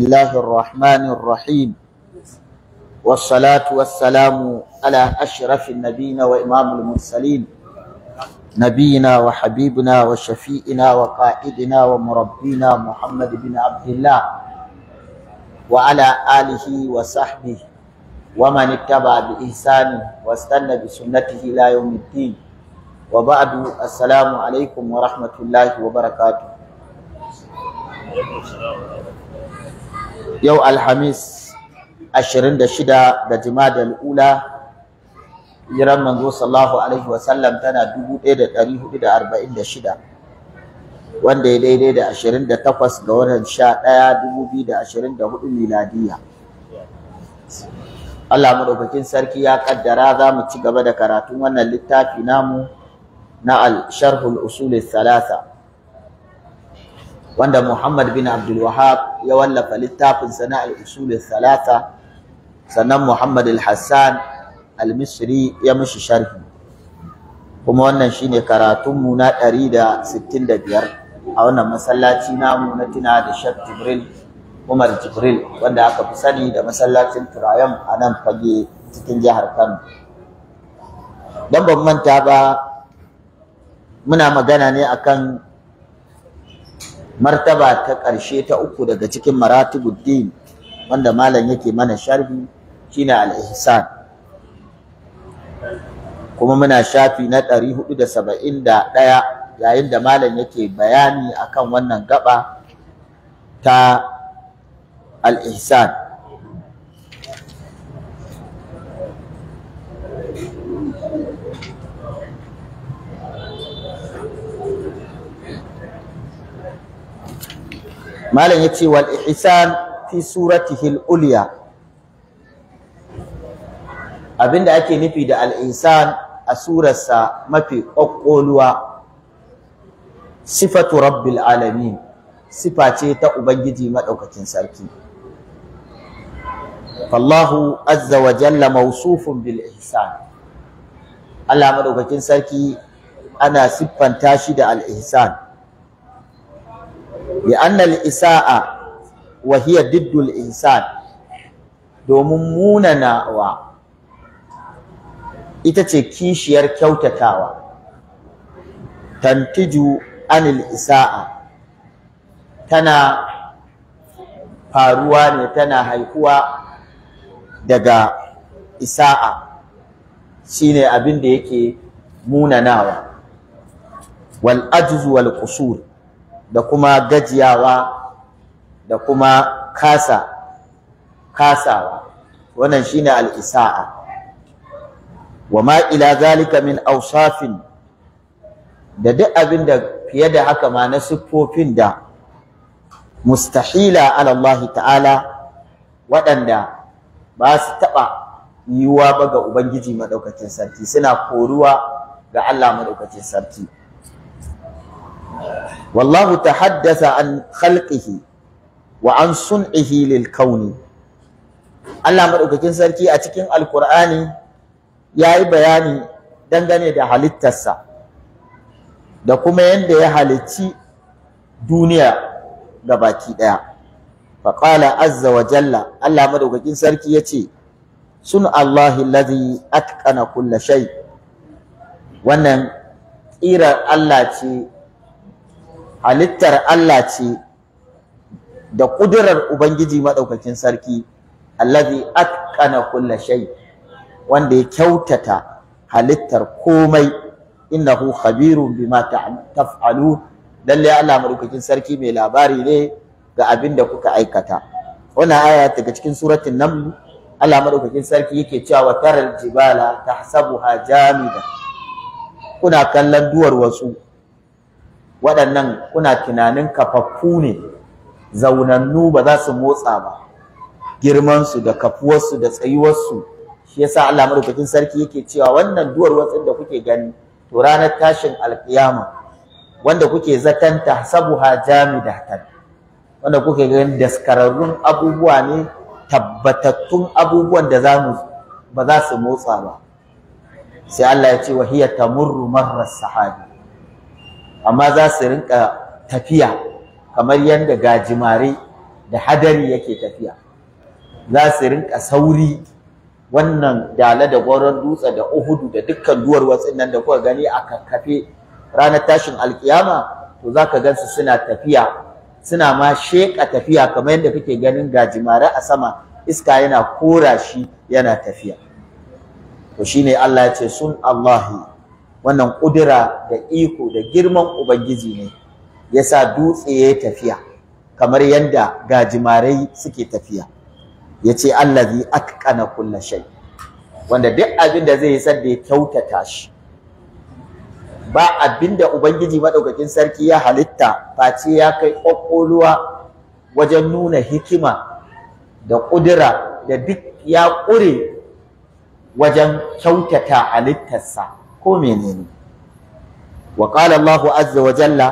الله الرحمن الرحيم والصلاة والسلام على أشرف النبيين وإمام المرسلين نبينا وحبيبنا وشفيئنا وقائدنا ومربينا محمد بن عبد الله وعلى آله وصحبه ومن اتبع بإحسان واستنى بسنته لا يوم الدين وبعد السلام عليكم ورحمة الله وبركاته yau alhamis ashirin da shida jimadal ula hijiran manzo sallallahu alaihi wasallam tana dubu ɗaya da da da ɗari huɗu arba'in shida, wanda ya daidai da ashirin da takwas ga watan 11 2024 miladiya Allah madaukakin sarki ya kaddara za mu ci gaba da karatun wannan littafi namu na al-sharhul usul thalatha wanda Muhammad bin Abdulwahab ya wallafa littafin sana al-usul thalatha sannan Muhammad al-Hassan al ya mishi sharhi kuma wannan shine karatun mu na 165 a wannan masallaci namu na tuna da Sheikh Jibril Umar Jibril wanda aka fi sani da masallacin Turayan a nan fage cikin jihar Kano dan ban manta ba muna magana ne akan martaba ta ƙarshe ta uku daga cikin maratibuddin wanda malam yake mana sharhi shine al-ihsan kuma muna shafi na 471 da ɗaya yayin da malam yake bayani akan wannan gaba ta al-ihsan malam yace wal ihsan fi suratihi al-ulya abinda ake nufi da al-ihsan a surarsa mafi kokkoluwa sifatu rabbil alamin sifa ce ta ubangiji madaukakin sarki fallahu azza wa jalla mawsufun bil ihsan Allah madaukakin sarki ana siffanta shi da al-ihsan ya annal isa'a wa hiya diddul insan domin munanawa ita ce kishiyar kyautatawa tantiju anil isa'a tana faruwa ne tana haihuwa daga isa'a shine abin da yake munanawa wal ajzu wal qusur da kuma gajiyawa da kuma kasa kasawa wannan shine al-isa'a wa ma ila zalika min awsafin da duk abin da fiye da haka ma na siffofin da mustahila ala Allah ta'ala waɗanda ba su taɓa yiwuwa ba ga Ubangiji maɗaukacin sarki suna koruwa ga Allah maɗaukacin sarki wallahu haddasa an khalqihi wa an sun'ihi lil kauni Allah madaukakin sarki a cikin alkur'ani yayi bayani dangane da halittarsa da kuma yanda ya halicci duniya gabaki daya faqala azza wa jalla Allah madaukakin sarki yace sun Allahi allazi atqana kulla shay wannan ƙirar Allah ce halittar Allah ce da ƙudurar Ubangiji maɗaukakin sarki allazi atkana kulla shai. wanda ya kyautata halittar komai innahu khabirun bima taf'alu lalle Allah maɗaukakin sarki mai labari ne ga abin da kuka aikata wannan aya daga cikin suratin naml Allah maɗaukakin sarki yake cewa wa taral jibala tahsabuha jamida kuna kallon duwar wasu waɗannan kuna tunanin kafafu ne zaunannu ba za su motsa ba girmansu da kafuwarsu da tsayuwarsu shi yasa Allah madaukakin sarki yake cewa wannan duwar watsin da kuke gani to ranar tashin alkiyama wanda kuke zaton tahsabuha jamidatan wanda kuke gani daskararrun abubuwa ne tabbatattun abubuwan da za mu ba za su motsa ba sai Allah ya ce wa hiya tamurru marra sahabi amma za su rinka tafiya kamar yadda gajimare da hadari yake tafiya za su rinka sauri wannan dala da gwaron dutse da uhudu da dukkan duwar watsin nan da kuka gani a kakkafe ranar tashin alkiyama to za ka gansu suna tafiya suna ma sheƙa tafiya kamar yadda kake ganin gajimare a sama iska yana kora shi yana tafiya to ne Allah ya ce sun Allahi wannan kudura da iko da girman ubangiji ne yasa dutse ya tafiya kamar yadda gajimarai suke tafiya yace allazi atqana kulla shay wanda duk abin da zai sa da ya kyautata shi ba abin da ubangiji madaukakin sarki ya halitta face ya kai ƙwaƙwalwa wajen nuna hikima da kudura da duk ya ƙure wajen kyautata halittarsa ko menene wa qala Allahu azza wa jalla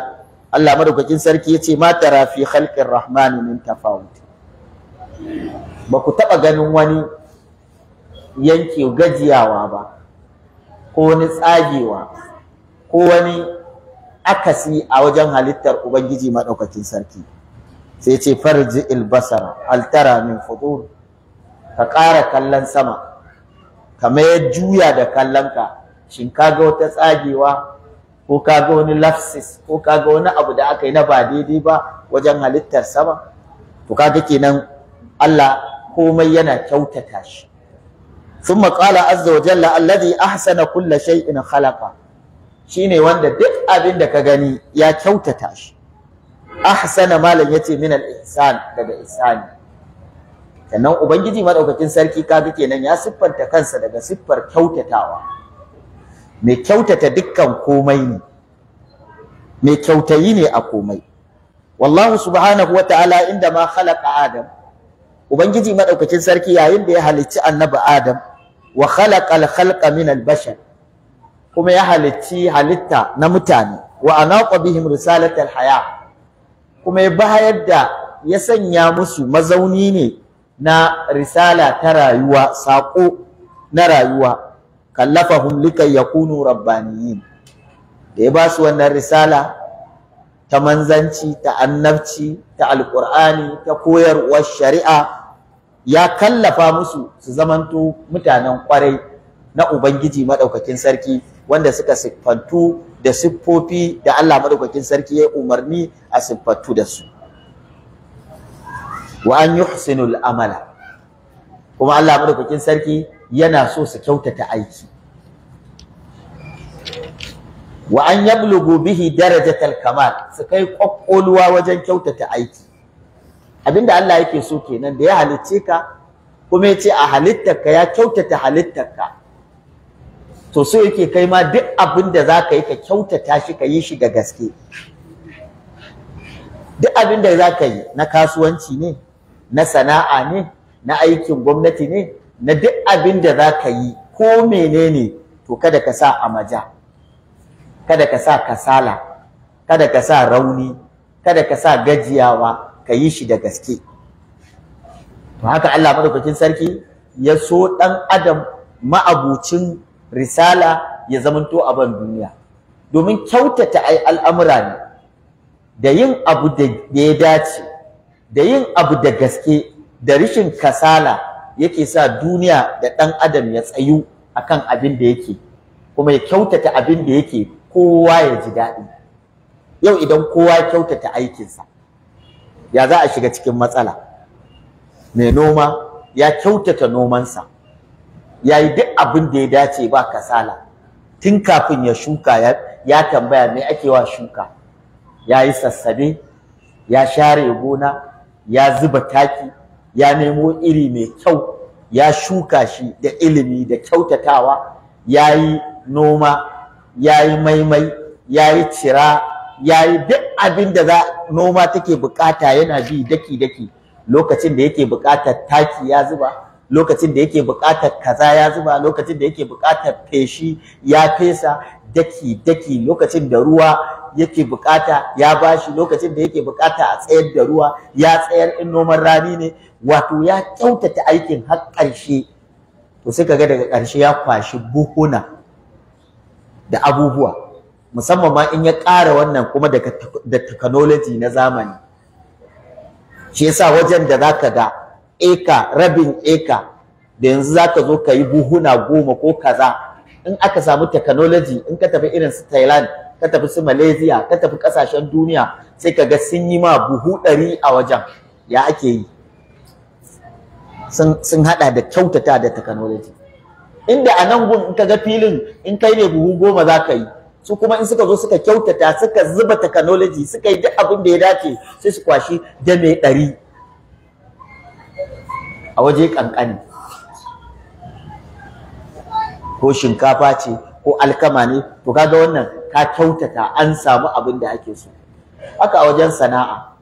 Allah madaukakin sarki yace ma tara fi khalqir rahman min tafawut ba ku taba ganin wani yanke gajiyawa ba ko wani tsagewa ko wani akasi a wajen halittar ubangiji madaukakin sarki sai ce farji ilbasara altara min fudur ka ƙara kallon sama ka mayar juya da kallonka shin kaga wata tsagewa ko kaga wani lapsis ko kaga wani abu da aka yi na ba daidai ba wajen halittar sama to kaga kenan Allah komai yana kyautata shi thumma qala azza wa jalla alladhi ahsana kulla shay'in khalaqa shine wanda duk abin da ka gani ya kyautata shi ahsana malam yace min al-ihsan daga ihsani sannan ubangiji madaukakin sarki kaga kenan ya siffanta kansa daga siffar kyautatawa mai kyautata dukkan komai ne mai kyautayi ne a komai wallahu subhanahu wa ta'ala inda ma khalaqa adam ubangiji madaukakin sarki yayin da ya halicci annabi adam wa khalaqa al-khalqa min al-bashar kuma ya halicci halitta na mutane wa anaqa bihim risalat al-haya kuma ya bayar da ya sanya musu mazauni ne na risala ta rayuwa saƙo na rayuwa kallafahum likay yakunu rabbaniyin da ya ba su wannan risala ta manzanci ta annabci ta alqur'ani ta koyarwar shari'a ya kallafa musu su zamanto mutanen kwarai na ubangiji madaukakin sarki wanda suka siffantu da siffofi da Allah madaukakin sarki ya umarni a siffantu da su wa an yuhsinul amala kuma Allah madaukakin sarki yana so su kyautata aiki wa an yablugu bihi darajatal kamal su kai kokkoluwa wajen kyautata aiki abinda Allah yake so kenan da ya halicce ka kuma yace a halittarka ya kyautata halittarka to so yake kai ma duk abinda zaka yi ka kyautata shi ka yi shi da gaske duk abinda da zaka yi na kasuwanci ne na sana'a ne na aikin gwamnati ne na duk abin da za ka yi ko menene to kada ka sa amaja kada ka sa kasala kada ka sa rauni kada ka sa gajiyawa ka yi shi da gaske to haka Allah madaukakin sarki ya so dan adam ma'abucin risala ya zamanto a ban duniya domin kyautata ai al'amura ne da yin abu da ya dace da yin abu da gaske da rishin kasala yake sa duniya da ɗan adam ya tsayu akan abin da yake kuma ya kyautata abin da yake kowa ya ji daɗi yau idan kowa ya kyautata aikinsa ya za a shiga cikin matsala mai noma ya kyautata nomansa ya yi duk abin da ya dace ba kasala tun kafin ya shuka ya tambaya me ake wa shuka ya yi sassabe ya share gona ya zuba taki ya nemo iri mai kyau ya shuka shi da ilimi da kyautatawa ya yi noma ya yi maimai ya yi cira ya yi duk abin da za noma take bukata yana bi daki-daki lokacin da yake bukatar taki ya zuba lokacin da yake bukatar kaza ya zuba lokacin da yake bukatar feshi ya fesa daki daki lokacin da ruwa yake bukata ya bashi lokacin da yake bukata a tsayar da ruwa ya tsayar in noman rani ne wato ya kyautata aikin har ƙarshe to sai kaga daga ƙarshe ya kwashi buhuna da abubuwa musamman ma in ya ƙara wannan kuma da technology na zamani shi yasa wajen da zaka ga eka rabin eka da yanzu zaka zo ka yi buhuna goma ko kaza in aka samu technology in ka tafi irin su Thailand ka tafi su Malaysia ka tafi kasashen duniya sai kaga ga sun yi ma buhu ɗari a wajen ya ake yi sun hada da kyautata da technology inda a nan gun in ka ga filin in kai ne buhu goma za ka yi su kuma in suka zo suka kyautata suka zuba technology suka yi duk abin da ya dace sai su kwashi da mai ɗari a waje ƙanƙani ko shinkafa ce ko alkama ne to kaga wannan ka kyautata an samu abin da ake so haka a wajen sana'a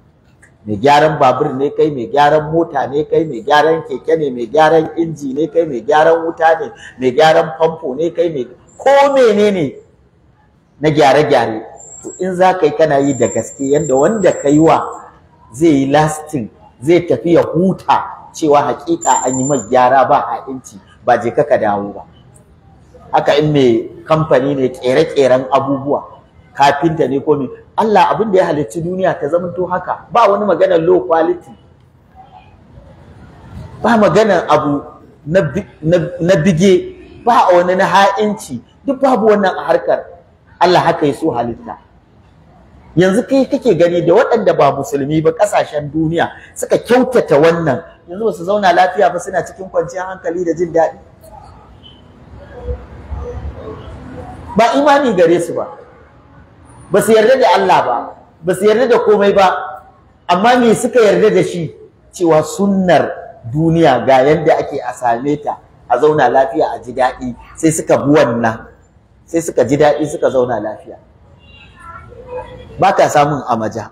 mai gyaran babur ne kai mai gyaran mota ne kai mai gyaran keke ne mai gyaran inji ne kai mai gyaran wuta ne mai gyaran famfo ne kai mai ko menene na gyare-gyare to in za ka kana yi da gaske yadda wanda ka yi wa zai yi lasting zai tafi ya huta cewa hakika an yi mai gyara ba a inci ba je ka dawo ba haka in mai kamfani ne kere-keren abubuwa kafinta ne ko Allah abin da ya halicci duniya ta zamanto haka ba wani maganar low quality ba maganar abu na bige ba wani na ha'inci duk babu wannan a harkar Allah haka ya so halitta yanzu kai kake gani da waɗanda ba musulmi ba ƙasashen duniya suka kyautata wannan yanzu ba su zauna lafiya ba suna cikin kwanciyar hankali da jin daɗi ba imani gare su ba ba su yarda da Allah ba ba su yarda da komai ba amma me suka yarda da shi cewa sunnar duniya ga yadda ake a same ta a zauna lafiya a ji daɗi sai suka bi wannan sai suka ji daɗi suka zauna lafiya ba ka samun amaja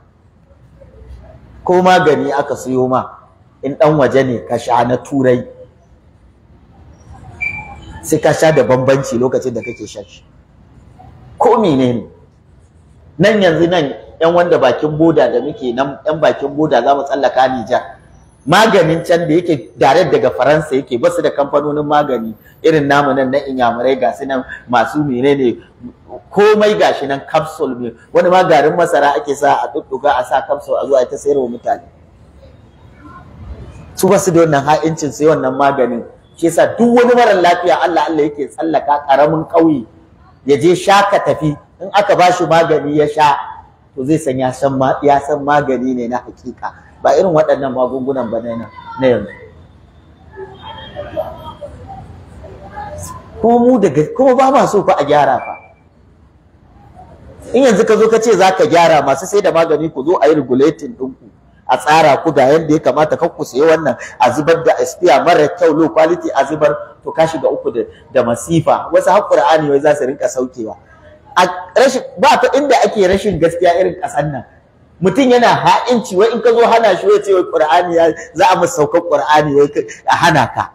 ko magani aka siyo ma in ɗan waje ne ka sha na turai sai ka sha da bambanci lokacin da kake shan shi ko menene ne nan yanzu nan yan wanda bakin boda da muke nan yan bakin boda za mu tsallaka Nijar maganin can da yake dare daga Faransa yake basu da kamfanonin magani irin namu nan na inyamurai ga su nan masu menene komai gashi nan capsule ne wani ma garin masara ake sa a dudduga a sa capsule a zuwa ta wa mutane su basu da wannan ha'incin sai wannan maganin shi yasa duk wani marar lafiya Allah Allah yake tsallaka karamin ƙauye ya je shaka tafi in aka ba shi magani ya sha to zai san ya san magani ne na hakika ba irin waɗannan magungunan ba na yanzu kuma mu daga kuma ba ma so fa a gyara fa in yanzu ka zo ka ce za ka gyara masu sai da magani ku zo a yi regulating ɗinku a tsara ku ga yadda ya kamata ka ku sayi wannan a zubar da expire mara kyau low quality a zubar to ka shiga uku da masifa wasu har qur'ani wai za su rinka saukewa ba ta inda ake rashin gaskiya irin ƙasar nan mutum yana ha'inci wai in ka zo hana shi wai ce wai qur'ani ya za a masa saukar qur'ani wai a hana ka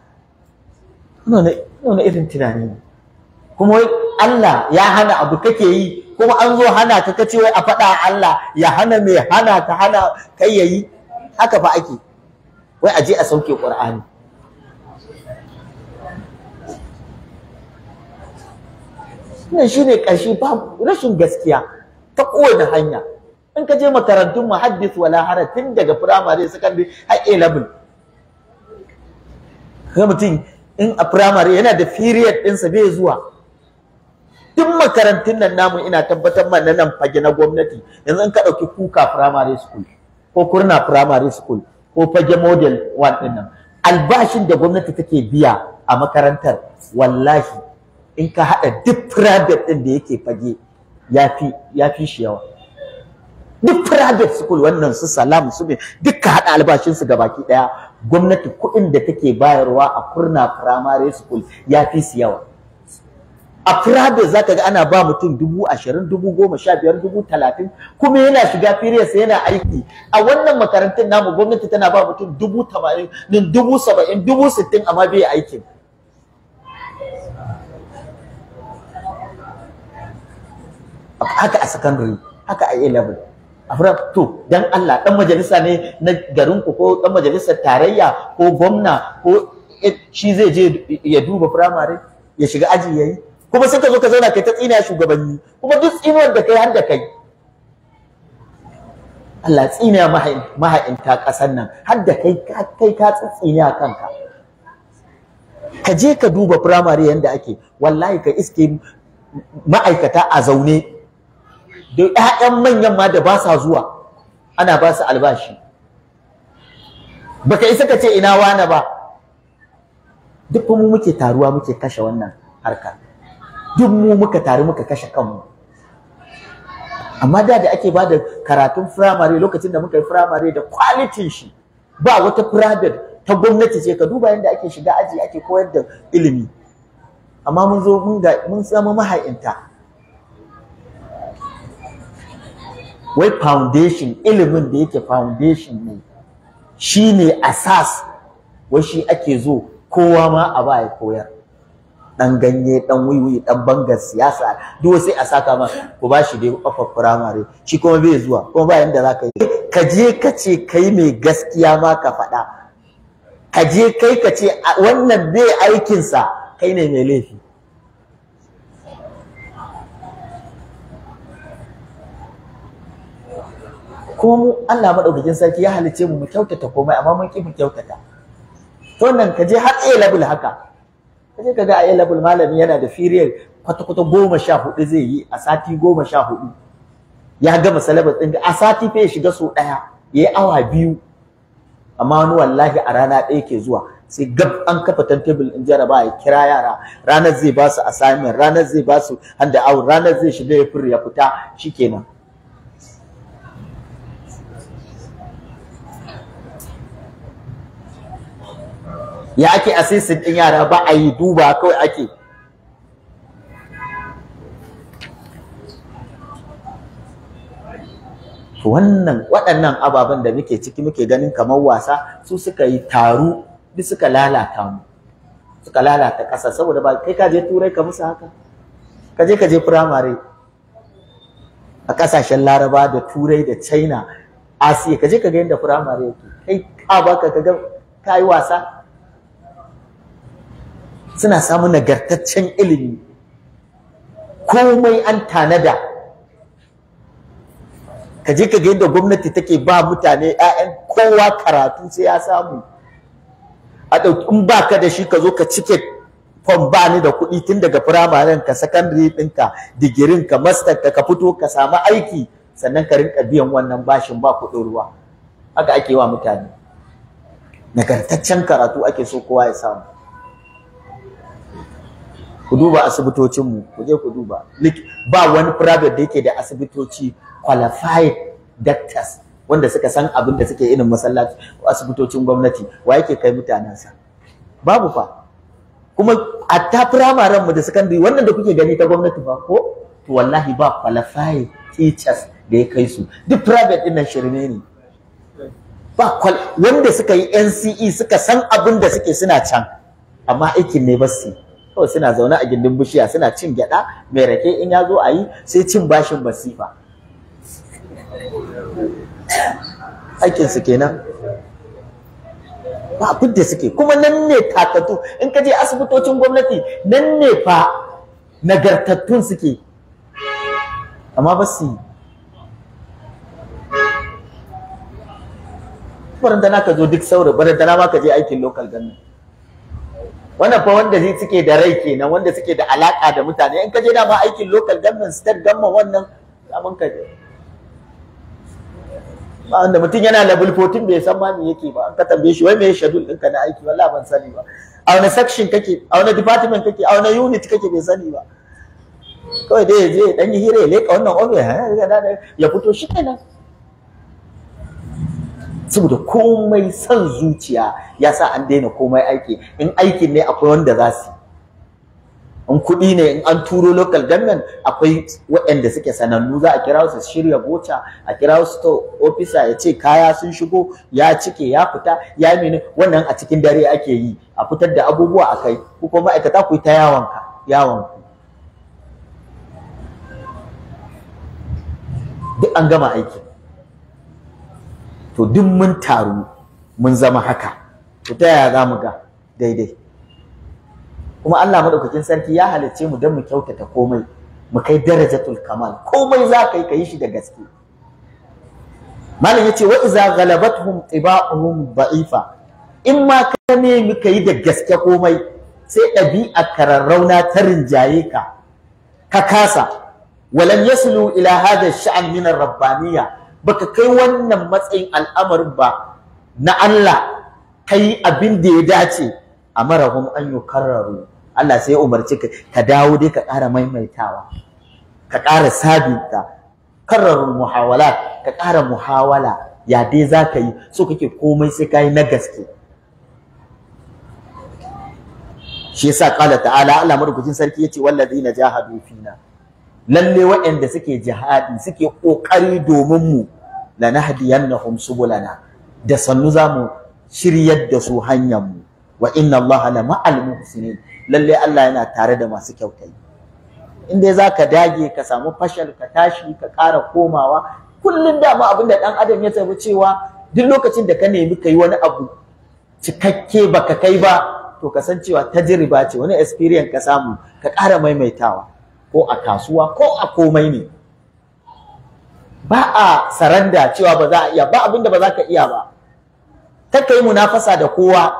nuna irin tunani ne kuma wai Allah ya hana abu kake yi kuma an zo hana ka kace wai a faɗa Allah ya hana mai hana ka hana kai yayi haka fa ake wai a je a sauke qur'ani wannan shine karshe ba rashin gaskiya ta kowace hanya in ka je makarantun muhaddis wala haraj tun daga primary secondary har A level ga mutum in a primary yana da period ɗinsa bai zuwa duk makarantun nan namu ina tabbatar ma na nan fage na gwamnati yanzu in ka ɗauki kuka primary school ko kurna primary school ko fage model one ɗin albashin da gwamnati take biya a makarantar wallahi in ka haɗa duk private ɗin da yake fage ya fi shi yawa duk private school wannan su salam su me duk ka haɗa albashinsu ga baki ɗaya gwamnati kuɗin da take bayarwa a kurna primary school ya fi su yawa a private za ka ga ana ba mutum dubu ashirin dubu goma sha biyar dubu talatin kuma yana shiga firiyarsa yana aiki a wannan makarantun namu gwamnati tana ba mutum dubu tamanin dubu saba'in dubu sittin amma bai aikin haka a secondary haka a A-level to dan Allah dan majalisa ne na garin ku ko dan majalisar tarayya ko gwamna ko eh, shi zai je ya duba primary ya shiga aji yayi kuma sai ka zo ka zauna kai ta tsina shugabanni kuma duk tsinuwar da kai har da kai Allah tsina maha'inta ƙasar nan har da kai kai ka tsina kanka ka je ka duba firamare yanda ake wallahi ka iske ma'aikata a zaune da 'ya'yan manyan ma da ba sa zuwa ana ba su albashi baka isa ka ce ina wane ba duk mu muke taruwa muke kashe wannan harka duk mu muka taru muka kashe kanmu amma da da ake ba da karatun firamare lokacin da muka yi firamare da kwalitin shi ba wata private ta gwamnati ce ka duba yadda ake shiga aji ake koyar da ilimi amma mun zo mun zama maha'inta wai foundation ilimin da yake foundation ne shine ne asas wai shi ake zo kowa ma a ba koyar ɗan ganye ɗan wiwi ɗan bangar siyasa duk sai a saka ma ku ba shi dai ƙofar firamare shi kuma bai zuwa kuma ba yanda za ka yi ka je ka ce kai mai gaskiya ma ka faɗa ka je kai ka ce wannan bai aikinsa kai ne mai laifi ko mu Allah madaukakin sarki ya halice mu mu kyautata komai amma mun ki mu kyautata to wannan ka je har A level haka ka je ka ga A level malami yana da period kwata-kwata goma sha hudu zai yi a sati goma sha hudu ya gama salabar ɗin a sati fa ya shiga sau ɗaya ya yi awa biyu amma wani wallahi a rana ɗaya ke zuwa sai gab an kafa tantabil in jaraba ya kira yara ranar zai ba su assignment ranar zai ba su hand out ranar zai shiga ya fur ya fita shikenan ya ake asisin din yara ba a yi duba kawai ake wannan waɗannan ababen da muke ciki muke ganin kamar wasa su suka yi taru duk suka lalata mu suka lalata ƙasa saboda ba kai ka je turai ka musu haka ka je ka je firamare a ƙasashen laraba da turai da china asiya ka je ka ga yadda firamare yake kai ka baka ka ga ka wasa suna samun nagartaccen ilimi komai an tanada ka je ka ga yadda gwamnati take ba mutane 'ya'yan kowa karatu sai ya samu a ɗauki in ba ka da shi ka zo ka cike fom ba ni da kuɗi tun daga firamaren ka sakandare ɗinka digirin ka mastar ka ka fito ka samu aiki sannan ka rinka biyan wannan bashin ba kuɗin ruwa haka ake wa mutane nagartaccen karatu ake so kowa ya samu ku duba asibitocinmu ku je ku duba ba wani private da yake da asibitoci qualified doctors wanda suka san abin da suke irin masallaci asibitocin gwamnati wa yake kai mutanensa babu fa kuma a ta firamaren mu da secondary wannan da kuke gani ta gwamnati ba ko to wallahi ba qualified teachers da ya kai su duk private din nan shirme ne ba wanda suka yi NCE suka san abin da suke suna can amma aikin ne ba su kawai suna zaune a gindin bishiya suna cin gyada mai rake in ya zo a yi sai cin bashin masifa aikinsu kenan ba abin da suke kuma nan ne takatu in ka je asibitocin gwamnati nan ne fa nagartattun suke amma ba su yi barandana ka zo duk saurin barandana ma ka je aikin local ganin. wannan fa wanda zai suke da rai kenan wanda suke da alaka da mutane in ka je dama aikin local government state government wannan abin ka je wanda mutum yana level 14 bai san ma me yake ba an ka tambaye shi wai me schedule ɗinka na aiki wallahi ban sani ba a wani section kake a wani department kake a wani unit kake bai sani ba kawai dai ya je dan yi hira ya leka wannan office ya fito shi kenan saboda komai son zuciya ya sa an daina komai aiki in aikin ne akwai wanda za su in kuɗi ne in an turo local government akwai waɗanda suke sanannu za a kira su shirya boca a kira su to officer ya ce kaya sun shigo ya cike ya fita ya mene wannan a cikin dare ake yi a fitar da abubuwa a kai ku kuma ma'aikata ku yi ta yawonka yawon ku duk an gama aiki to duk mun taru mun zama haka to ta yaya za mu ga daidai kuma Allah madaukakin sarki ya halicce mu don mu kyautata komai mu kai darajatul kamal komai za ka yi ka yi shi da gaske malam yace wa iza ghalabatuhum tiba'uhum da'ifa in ma ka ne mu yi da gaske komai sai ɗabi'a kararrauna ta rinjaye ka ka kasa walan yaslu ila hada sha'an min rabbaniya baka kai wannan matsayin al'amarin ba na Allah kai abin da ya dace a marahum an kararru Allah sai ya umarci ka ka dawo dai ka ƙara maimaitawa ka ƙara sabita karraru muhawala ka ƙara muhawala ya dai za ka yi so kake komai sai ka yi na gaske shi yasa qala ta'ala Allah madaukakin sarki yace wallazina jahadu fina lalle waɗanda suke jihadi suke ƙoƙari domin mu nahdiyannahum subulana da sannu zamu shiryar da su hanyar mu wa inna Allah la ma'al muhsinin lalle Allah yana tare da masu kyautai in dai zaka dage ka samu fashal ka tashi ka ƙara komawa kullun dama abinda ɗan adam ya tabi cewa duk lokacin da ka nemi kai wani abu cikakke baka kai ba to kasancewa tajriba ce wani experience ka samu ka ƙara maimaitawa ko a kasuwa ko a komai ne ba a saranda cewa ba za a iya ba abinda ba za ka iya ba ta kai munafasa da kowa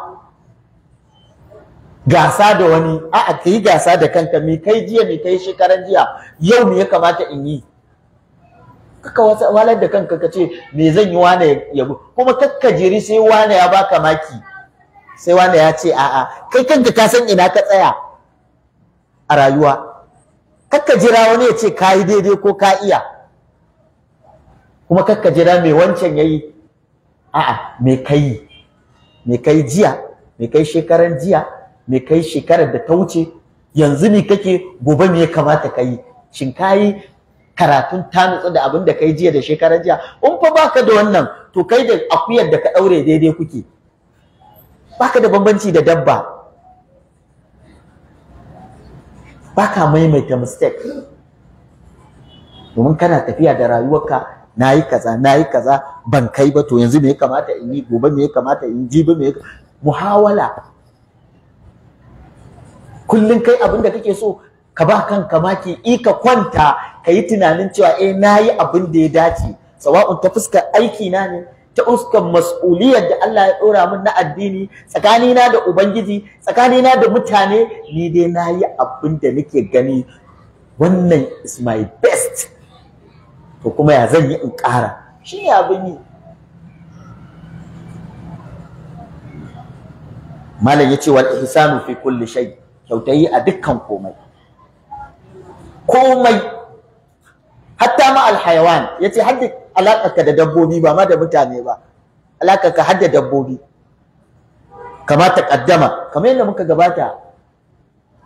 gasa da wani 'a ka yi gasa da kanka me kai jiya me kai shekaran jiya yau me ya kamata in yi kaka walar da kanka ka ce me zan yi wane ya kuma kakka jiri sai wane ya baka maki sai wane ya ce a'a kai kanka ka san ina ka tsaya a rayuwa kakka jira wani ya ce ka yi daidai ko ka iya kuma kakka jira mai wancan ya yi a'a me ka yi me ka jiya me ka shekaran jiya me kai shekarar da ta wuce yanzu ne kake gobe me ya kamata ka yi shin ka yi karatun ta nutsu da abin da kai jiya da shekarar jiya in fa baka da wannan to kai da akuyar da ka daure daidai kuke baka da bambanci da dabba baka maimaita mistake domin kana tafiya da rayuwarka nayi kaza na kaza ban kai ba to yanzu me ya kamata in yi gobe me ya kamata in ji ba me muhawala kullum kai abin da kake so ka ba kanka maki i ka kwanta ka yi tunanin cewa eh nayi yi abin da ya dace sawa'un ta fuskar aiki na ne ta uskan mas'uliyar da Allah ya ɗora min na addini tsakanina da ubangiji tsakanina da mutane ni dai na yi abin da nake gani wannan is my best to kuma ya zan yi in ƙara shi ne abin yi malam ya ce wal ihsanu fi kulli shay kyautayi a dukkan komai komai hatta ma al hayawan yace hadda alaƙarka da dabbobi ba ma da mutane ba alaƙarka har da dabbobi kama ta kamar yadda muka gabata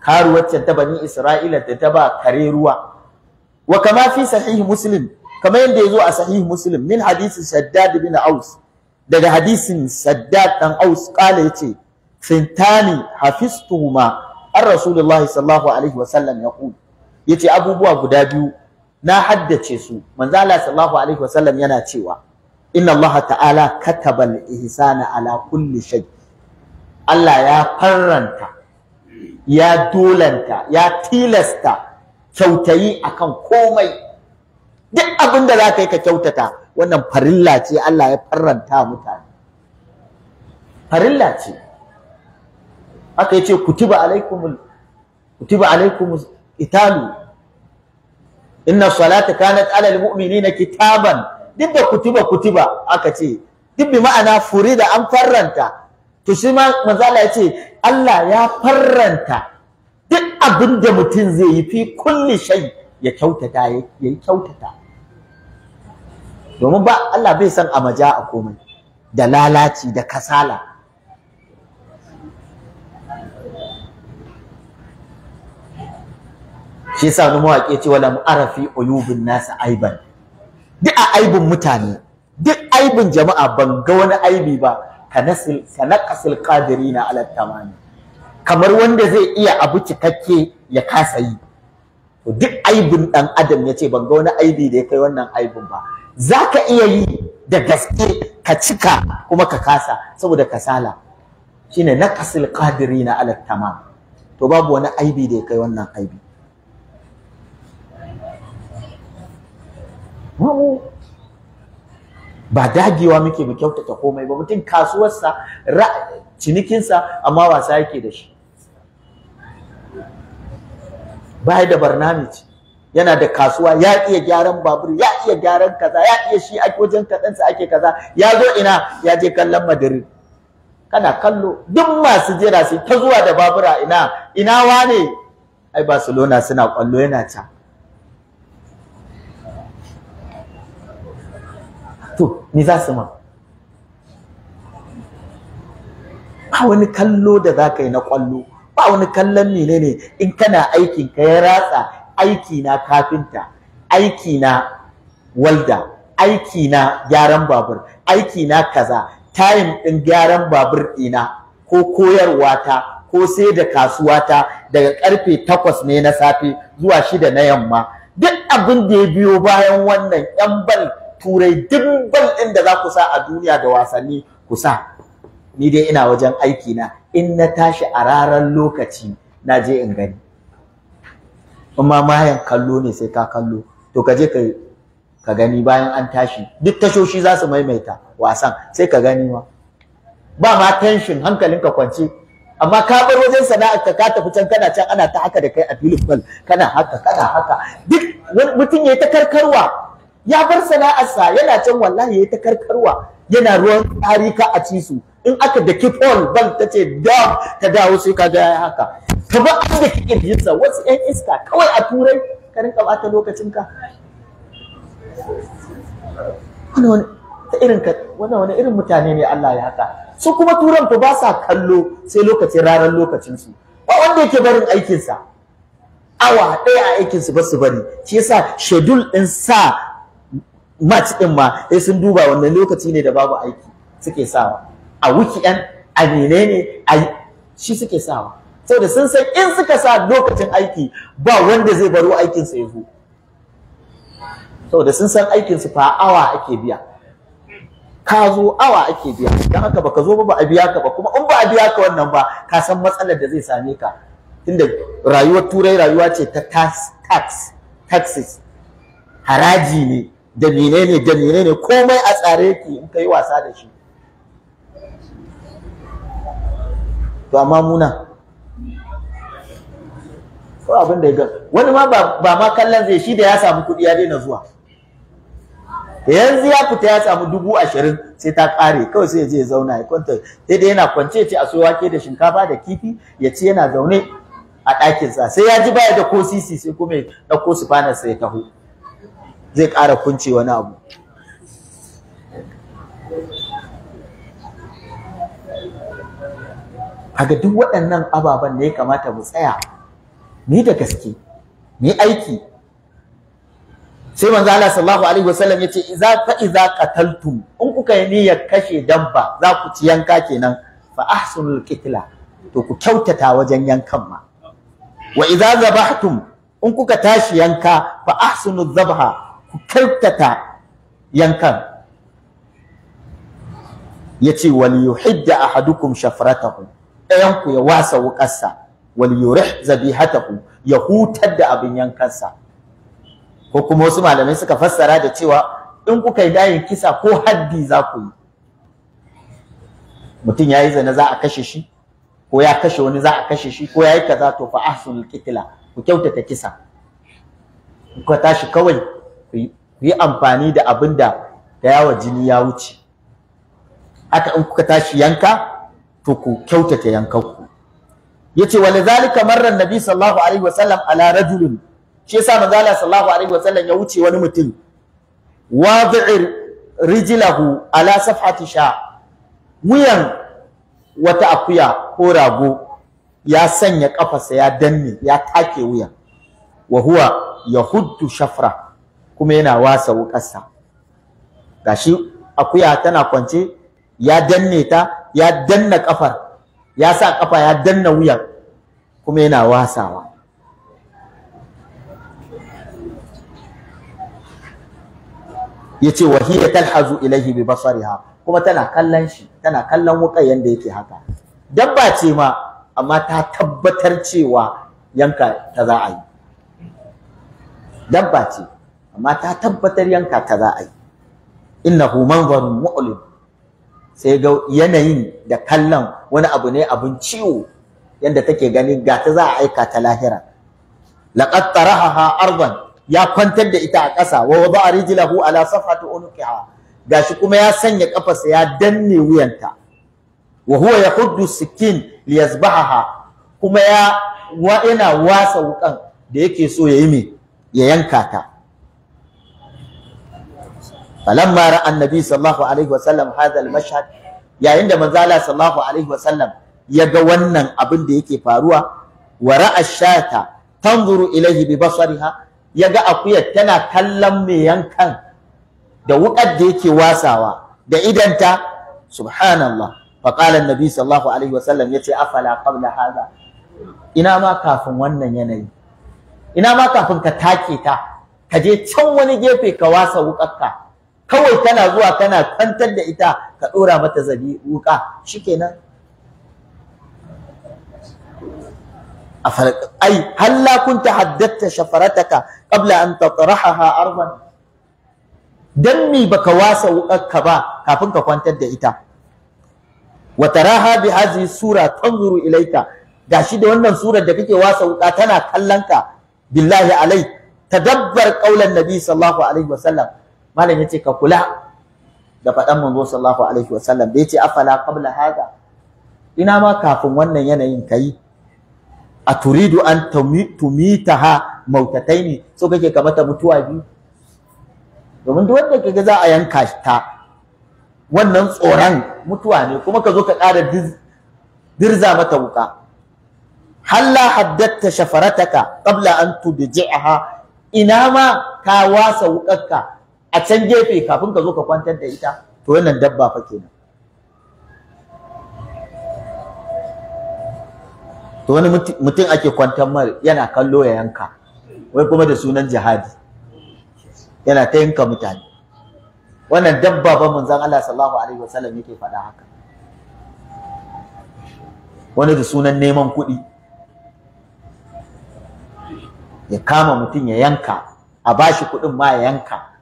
Karuwar ta bani isra'ila da ta ba kare ruwa wa kama fi muslim kamar yadda ya zo a sahih muslim min hadisin shaddad bin aus daga hadisin shaddad dan aus kala yace fintani hafistuhuma an rasulullahi sallallahu alaihi wasallam yaqul yace abubuwa guda biyu na haddace su manzo Allah sallallahu alaihi wasallam yana cewa inna Allah ta'ala katabal ihsana ala kulli shay Allah ya farranta ya dolanta ya tilasta kyautayi akan komai duk abin da zaka yi ka kyautata wannan farilla ce Allah ya farranta mutane farilla ce aka yace kutiba alaikumul kutiba alaikumus italu inna salata kanat ala almu'minina kitaban duk da kutuba kutuba aka ce duk bi ma'ana furida an farranta to shi ma manzo Allah ya ce Allah ya farranta duk abin da mutum zai yi fi kulli shay ya kyautata ya yi kyautata domin ba Allah bai san amaja a komai da lalaci da kasala shi yasa wani mawaƙi ce wala mu'arafi uyubun nasa aiban duk a aibin mutane duk aibin jama'a ban ga wani aibi ba kanasil sanaqasil qadirina ala tamami kamar wanda zai iya abu cikakke ya kasa yi to duk aibin dan adam yace ban ga wani aibi da ya kai wannan aibin ba zaka iya yi da gaske ka cika kuma ka kasa saboda kasala shine naqasil qadirina ala tamam to babu wani aibi da ya kai wannan aibi mu ba dagewa muke mu kyautata komai ba mutum kasuwarsa cinikinsa amma wasa yake da shi ba da barnamiji yana da kasuwa ya iya gyaran babur ya iya gyaran kaza ya iya shi ake wajen kaɗansa ake kaza ya zo ina ya je kallon madrid kana kallo duk masu jira sai ta zuwa da babura ina ina wane ai barcelona suna kwallo yana can to me za su ma ba wani kallo da za ka yi na kwallo ba wani kallon mene ne in kana aikin ka ya ratsa aiki na kafinta aiki na walda aiki na gyaran babur aiki na kaza tayin ɗin gyaran babur ɗina ko koyarwa ta ko sai da kasuwa ta daga karfe takwas ne na safe zuwa shida na yamma duk abin da ya biyo bayan wannan yan bal turai duk bal ɗin da za ku sa a duniya da wasanni ku sa ni dai ina wajen aiki na in na tashi a ranar lokaci na je in gani in mayan kallo ne sai ka kallo to ka je ka gani bayan an tashi duk tashoshi za su maimaita wasan sai ka gani ma ba ma tension hankalinka kwance amma ka bar wajen sana'ar ka ka tafi can kana can ana ta haka da kai a filin bal kana haka kana haka duk mutum ya ta karkarwa ya bar sana'arsa yana can wallahi ya ta karkarwa yana ruwan tarika a cisu in aka da pole ban ta ce da ka dawo sai ka ga haka ka ba an da kike jinsa wasu ƴan iska kawai a turai ka rinka bata lokacinka ta irin ka wani irin mutane ne Allah ya haka su kuma turan fa ba sa kallo sai lokacin ranar lokacin su ba wanda yake barin aikinsa awa ɗaya a aikinsu ba su bari shi yasa shedul ɗin sa match din ma sai sun duba wannan lokaci ne da babu aiki suke sawa a weekend a menene a shi suke sawa saboda sun san in suka sa lokacin aiki ba wanda zai baro aikin sa yazo saboda sun san aikin su fa awa ake biya ka zo awa ake biya dan haka baka zo ba ba a biya ka ba kuma in ba a biya ka wannan ba ka san matsalar da zai same ka tunda rayuwar turai rayuwa ce ta tax tax taxes haraji ne da menene da menene komai a tsare yake in kai wasa da shi to amma muna ko abin da ya wani ma ba ma kallon zai shi da ya samu kuɗi ya daina zuwa yanzu ya fita ya samu dubu ashirin sai ta ƙare kawai sai je zauna ya kwanta sai dai yana kwance ce a soya ke da shinkafa da kifi ya ci yana zaune a ɗakinsa sai ya ji baya da ko sisi sai kuma ya ɗauko su ya taho zai ƙara kunce wani abu kaga duk waɗannan ababen da ya kamata mu tsaya ni da gaske ni aiki sai manzo Allah sallallahu alaihi wasallam yace idza fa idza qataltum in kuka yi niyyar kashe dabba za ku ci yanka kenan fa ahsunul qitla to ku kyautata wajen yankan ma wa idza zabahtum in kuka tashi yanka fa ahsunuz zabha ku kyautata yankan ya ce wal ahadukum shafratahu ɗayanku ya wasa wukarsa zabi zabihatahu ya hutar da abin yankansa ko kuma wasu malamai suka fassara da cewa in kuka yi dayin kisa ko haddi za ku yi mutum ya yi zane za a kashe shi ko ya kashe wani za a kashe shi ko ya yi kaza to fa kitila Kitila. ku kyautata kisa ku tashi kawai ku yi amfani da abin da yawa jini ya wuce aka in kuka tashi yanka to ku kyautata yankanku yace wa lidhalika marra nabi sallallahu alaihi wasallam ala rajulin shi yasa manzo Allah sallallahu alaihi wasallam ya wuce wani mutum wadi'ir rijlahu ala safhati sha wuyan wata akuya ko rago ya sanya kafarsa ya danne ya take wuyan wa huwa yahuddu shafra kuma yana wasa wukarsa gashi akuya tana kwance ya danne ta ya danna kafar ya sa kafa ya danna wuyar. kuma yana wasawa yace wahiya talhazu ilaihi bi basariha kuma tana kallon shi tana kallon wukan yanda yake haka dabba ce ma amma ta tabbatar cewa yanka ta za a yi dabba ce amma ta tabbatar yanka ta za a yi innahu manzarun mu'lim sai ga yanayin da kallon wani abu ne abun ciwo yanda take gani, ga ta za a aika ta lahira laqad tarahaha ardan ya kwantar da ita a ƙasa wa wada'a rijlahu ala safati unqiha gashi kuma ya sanya kafarsa ya danne wuyanta wa huwa yahuddu sikin liyazbahaha kuma ya wa ina wasa wukan da yake so ya yi me ya yanka ta falamma ra'a annabi sallallahu alaihi wasallam hadha al-mashhad yayin da manzo Allah sallallahu alaihi wasallam ya ga wannan abin da yake faruwa wa ra'a shata tanzuru ilaihi bi basariha ya ga akuya tana kallon mai yankan da wukar da yake wasawa da idanta subhanallah faqala annabi sallallahu alaihi wasallam yace afala qabla hadha ina ma kafin wannan yanayi ina ma kafin ka take ta ka je can wani gefe ka wasa wukarka kawai kana zuwa kana kwantar da ita ka ɗora mata zabi wuka shikenan a farka ai halla kun tahaddatta shafarataka qabla an tatrahaha arban dan mi baka wasa ka ba kafin ka kwantar da ita wa taraha bi hadhihi sura tanzuru ilayka gashi da wannan surar da kake wasa wuka tana kallon ka billahi alai tadabbar qaulan nabi sallallahu alaihi wasallam malam yace ka kula da faɗan manzo sallallahu alaihi wasallam da yace afala qabla hada ina ma kafin wannan yanayin kai a turidu an tumitaha mautataini so kake ka mata mutuwa biyu domin duk wanda kaga za a yanka ta wannan tsoron mutuwa ne kuma ka zo ka ƙara dirza mata wuka halla haddatta shafarataka qabla an tubji'aha ina ma ka wasa wukarka a can gefe kafin ka zo ka kwantar da ita to wannan dabba fa kenan to wani mutum ake kwantar mar yana kallo ya yanka wai kuma da sunan jihadi yana ta yanka mutane wannan dabba ba manzon Allah sallallahu alaihi wasallam yake faɗa haka wani da sunan neman kuɗi ya kama mutum ya yanka a bashi kuɗin ma ya yanka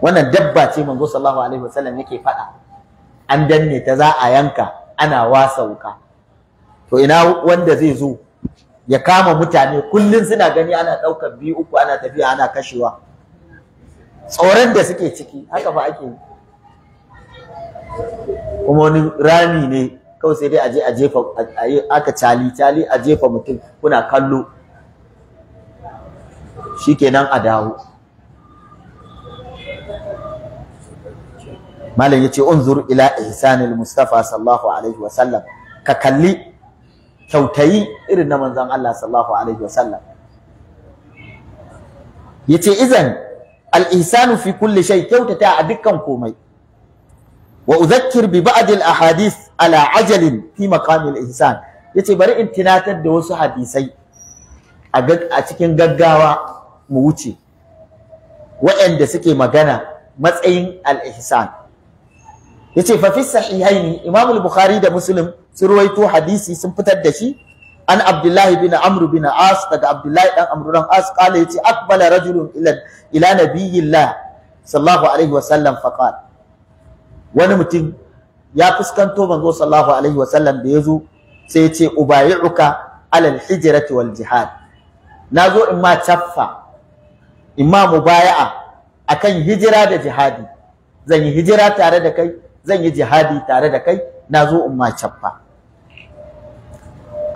wannan dabba ce manzo sallallahu alaihi wasallam yake faɗa an danne ta za a yanka ana wasa wuka to ina wanda zai zo ya kama mutane kullun suna gani ana ɗaukar biyu uku ana tafiya ana kashewa tsoron da suke ciki haka fa ake kuma wani rami ne kawai sai dai aje a jefa aka cali cali a jefa mutum kuna kallo shikenan a dawo malam yace unzur ila ihsanil mustafa sallallahu alaihi ka kalli kyautayi irin na manzon Allah sallallahu alaihi wa yace idan al ihsanu fi kulli shay kyautata a dukkan komai wa udhakkir bi ba'd al ahadith ala ajalin fi maqam al ihsan yace bari in tunatar da wasu hadisai a cikin gaggawa mu wuce waɗanda suke magana matsayin al-ihsan yace fa fi sahihaini Imam bukhari da Muslim sun ruwaito hadisi sun fitar da shi an Abdullahi bin Amr bin As daga Abdullahi dan Amr dan As kala yace akbala rajulun ila ila nabiyillah sallallahu alaihi wasallam faqala wani mutum ya fuskanto manzo sallallahu alaihi wasallam da yazo sai yace ubayi'uka alal hijrati wal jihad nazo in ma chaffa in ma mubaya'a akan hijira da jihadi zan yi hijira tare da kai zan yi jihadi tare da kai na zo in ma cappa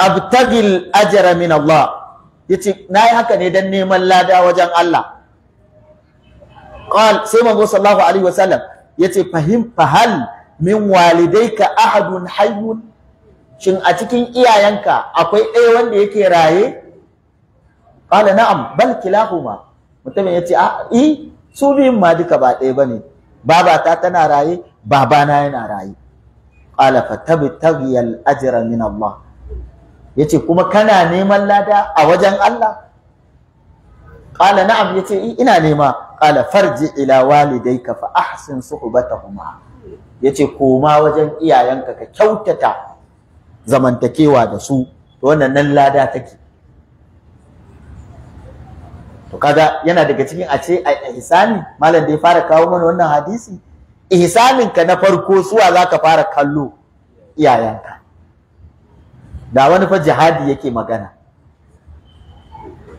abtagil ajra min Allah yace nayi haka ne dan neman lada wajen Allah qal sai manzo sallallahu alaihi wasallam yace fahim fahal min walidayka ahadun hayyun shin a cikin iyayenka akwai ɗaya wanda yake raye qala na'am bal kilahuma mutumin yace a ah, i su biyun ma duka ba ɗaya bane babata tana raye babana yana rayu qala fatabtaghi al-ajra min Allah yace kuma kana neman lada a wajen Allah qala na'am yace ina nema qala farji ila walidayka fa ahsin suhbatahuma yace koma wajen iyayenka ka kyautata zamantakewa da su wannan nan lada take to kaga yana daga cikin a ce a ihsani malam da ya fara kawo mana wannan hadisi ihsaninka na farko suwa za ka fara kallo iyayenka da wani fa jihadi yake magana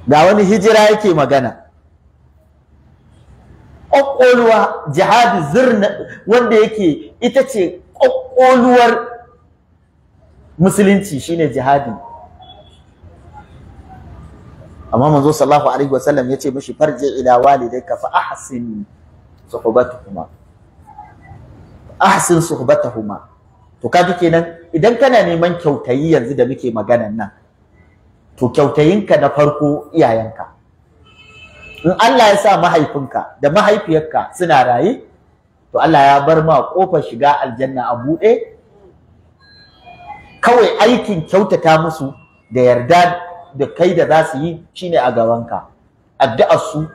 da wani hijira yake magana ƙwaƙƙoluwa jihadi zirna wanda yake ita ce ƙwaƙƙoluwar musulunci shine jihadi amma manzo sallallahu alaihi wasallam ya ce mishi farji ila walidayka fa ahsin kuma. ahsin suhbatahuma to kaji kenan idan kana neman kyautayi yanzu da muke maganan nan to kyautayinka na farko iyayenka in Allah ya sa mahaifinka da mahaifiyarka suna raye to Allah ya bar ma kofar shiga aljanna a buɗe kawai aikin kyautata musu da yarda da kai da za su yi shine a gabanka addu'ar su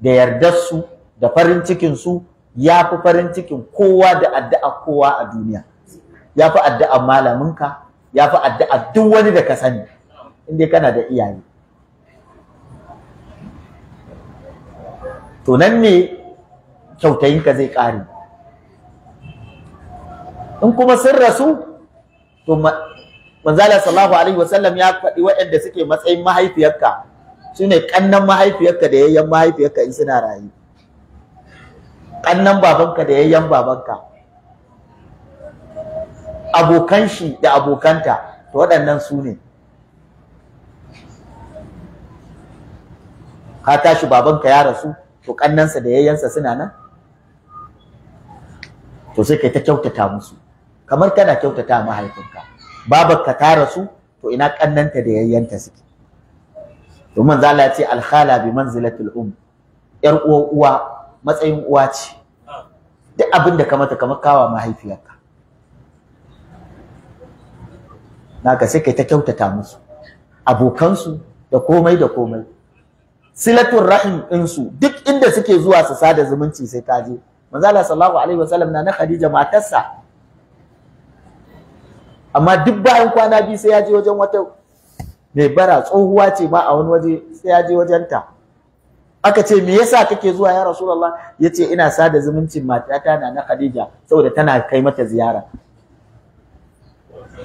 da yardar su da farin cikin su ya fi farin cikin kowa da addu'a kowa a duniya ya fi addu'a malaminka ya fi addu'a duk wani da ka sani inda kana da iyaye to nan ne kyautayinka zai ƙare in kuma sun rasu to manzala sallallahu alaihi wasallam ya faɗi waɗanda suke matsayin mahaifiyarka shine ƙannan mahaifiyarka da yayyan mahaifiyarka in suna rayu ƙannan babanka da yayyan babanka abokan shi da abokanta to waɗannan su ne ka tashi babanka ya rasu to ƙannansa da yayyansa suna nan to sai kai ta kyautata musu kamar kana kyautata mahaifinka babanka ta rasu to ina ƙannanta da yayyanta suke to manzo Allah ya ce alkhala bi manzilatil um yar uwa uwa matsayin uwa ce duk abin da ka mata kamar kawa mahaifiyarka naka sai kai ta kyautata musu abokansu da komai da komai silatun rahim ɗinsu duk inda suke zuwa su sada zumunci sai ka je manzo Allah sallallahu alaihi wasallam na na Khadija matarsa amma duk bayan kwana biyu sai ya je wajen wata mai bara tsohuwa ce ma a wani waje sai ya je wajenta aka ce me yasa kake zuwa ya rasulullah yace ina sada zumuncin matata na na khadija saboda tana kai mata ziyara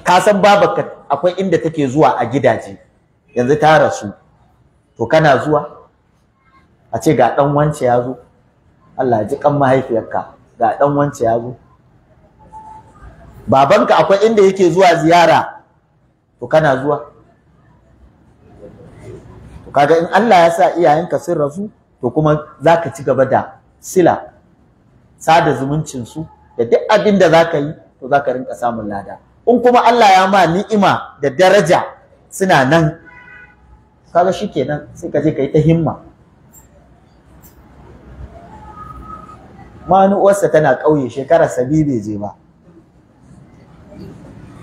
ka san babaka akwai inda take zuwa a gidaje yanzu ta rasu to kana zuwa a ce ga dan wance ya zo Allah ji kan mahaifiyarka ga dan wance ya zo babanka akwai inda yake zuwa ziyara to kana zuwa to kaga in Allah ya sa iyayenka sun rasu to kuma zaka ci gaba da sila sada zumuncin su da duk abin da zaka yi to zaka rinka samun lada in kuma Allah ya ma ni'ima da daraja suna nan kaga shikenan sai ka je ka yi ta himma mani uwarsa tana ƙauye shekara sabi bai je ba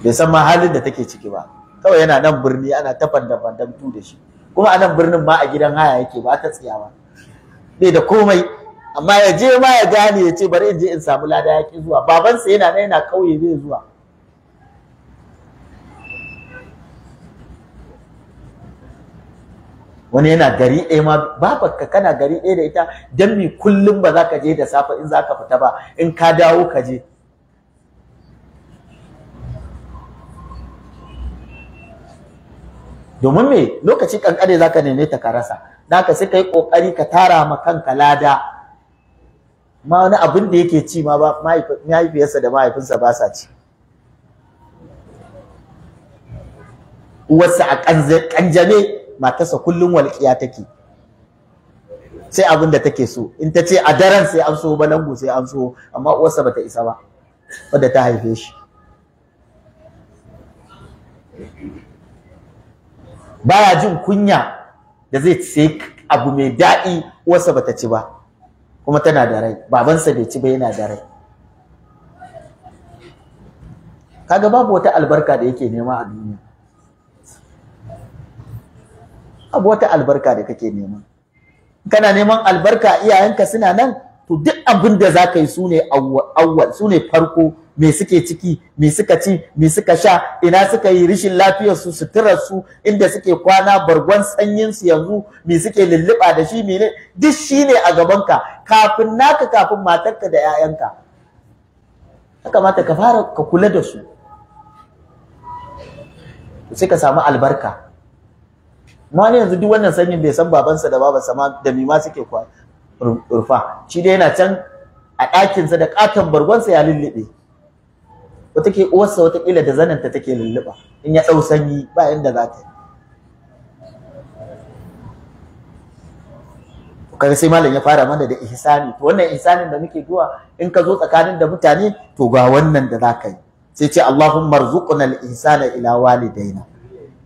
bai san ma halin da take ciki ba kawai yana nan birni ana ta fandam tu da shi kuma a nan birnin ma a gidan haya yake ba ta ba bai da komai amma ya je ma ya gane ya ce bari in je in samu lada ya ki zuwa babansa yana nan yana kauye zai zuwa wani yana gari ɗaya ma babarka kana gari ɗaya da ita don me kullum ba za ka je da safe in za ka fita ba in ka dawo ka je domin me lokaci kankare zaka neme ta ka rasa naka sai kai kokari ka tara ma kanka lada ma wani abin da yake ci ma ba mahaifiyarsa da mahaifinsa ba sa ci uwarsa a kanjame matarsa kullum walƙiya take sai abin da take so in ta ce a daren sai an so balangu sai an so amma uwarsa bata isa ba wadda ta haife shi baya jin kunya da zai ce abu mai daɗi uwarsa bata ci ba kuma tana da rai babansa bai ci ba yana da rai kaga babu wata albarka da yake nema a duniya abu wata albarka da kake nema kana neman albarka iyayenka suna nan to duk abin da za ka yi su ne awwal su farko me suke ciki me suka ci me suka sha ina suka yi rishin lafiyar su suturar su inda suke kwana bargon sanyin su yanzu me suke lulluba da shi mene duk shine a gaban ka kafin naka kafin matarka da 'ya'yanka ya kamata ka fara ka kula da su sai ka samu albarka wani yanzu duk wannan sanyin bai san babansa da babansa ma da mima suke kwa rufa shi dai yana can a ɗakinsa da ƙaton bargonsa ya lullube wata ke uwarsa wata kila da ta take lulluba in ya dau sanyi ba inda za ta yi kaga sai malam ya fara mana da ihsani to wannan ihsanin da muke zuwa in ka zo tsakanin da mutane to ga wannan da za ka yi sai ce Allahumma rzuqna al-ihsana ila walidaina